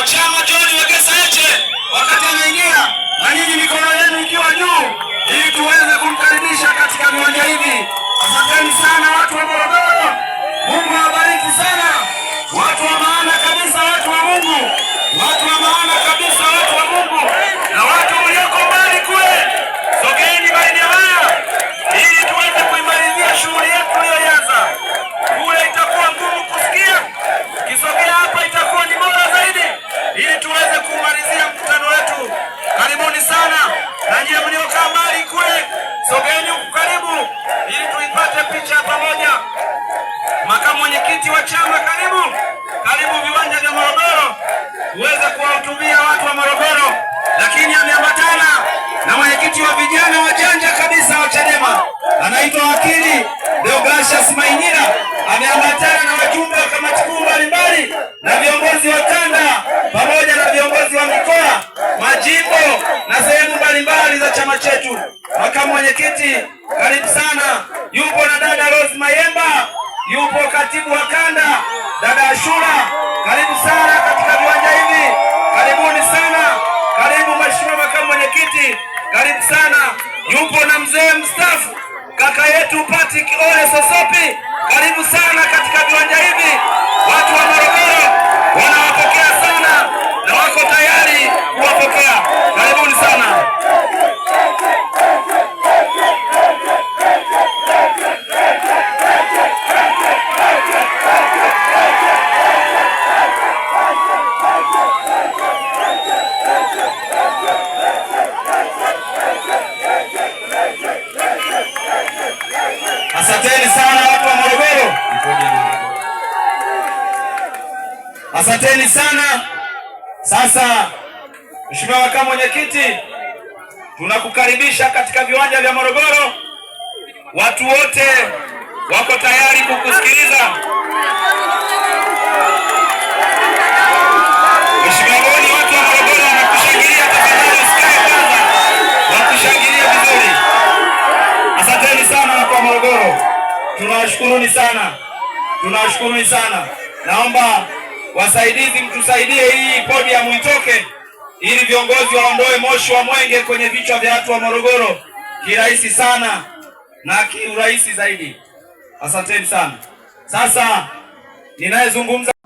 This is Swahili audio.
Wanachama John Wekesa Heche wakatengenea na nyinyi mikono yenu ikiwa juu ili tuweze kumkaribisha katika viwanja hivi. Asanteni sana watu wa na viongozi wa kanda pamoja na viongozi wa mikoa, majimbo na sehemu mbalimbali za chama chetu. Makamu mwenyekiti, karibu sana. Yupo na dada Rose Mayemba, yupo katibu wa kanda dada Ashura, karibu sana katika viwanja hivi, karibuni sana. Karibu mheshimiwa makamu mwenyekiti, karibu sana. Yupo na mzee mstaafu kaka yetu Patrick Ole Sosopi, karibu sana katika viwanja hivi. Asanteni sana. Sasa Mheshimiwa Makamu Mwenyekiti, tunakukaribisha katika viwanja vya Morogoro. Watu wote wako tayari kukusikiliza. Mheshimiwa Asanteni sana watu Morogoro, tunawashukuruni sana, tunawashukuruni sana. Naomba Wasaidizi, mtusaidie hii podium itoke, ili viongozi waondoe moshi wa mwenge kwenye vichwa vya watu wa Morogoro kirahisi sana na kiurahisi zaidi. Asanteni sana. Sasa ninayezungumza